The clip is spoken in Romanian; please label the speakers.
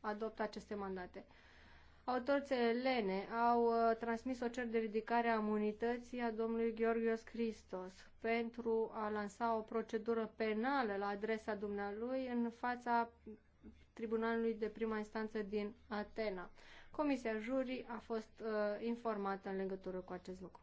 Speaker 1: adoptă aceste mandate. Autoritățile elene au uh, transmis o cer de ridicare a imunității a domnului Georgios Christos pentru a lansa o procedură penală la adresa dumnealui în fața Tribunalului de Prima Instanță din Atena. Comisia Jurii a fost uh, informată în legătură cu acest lucru.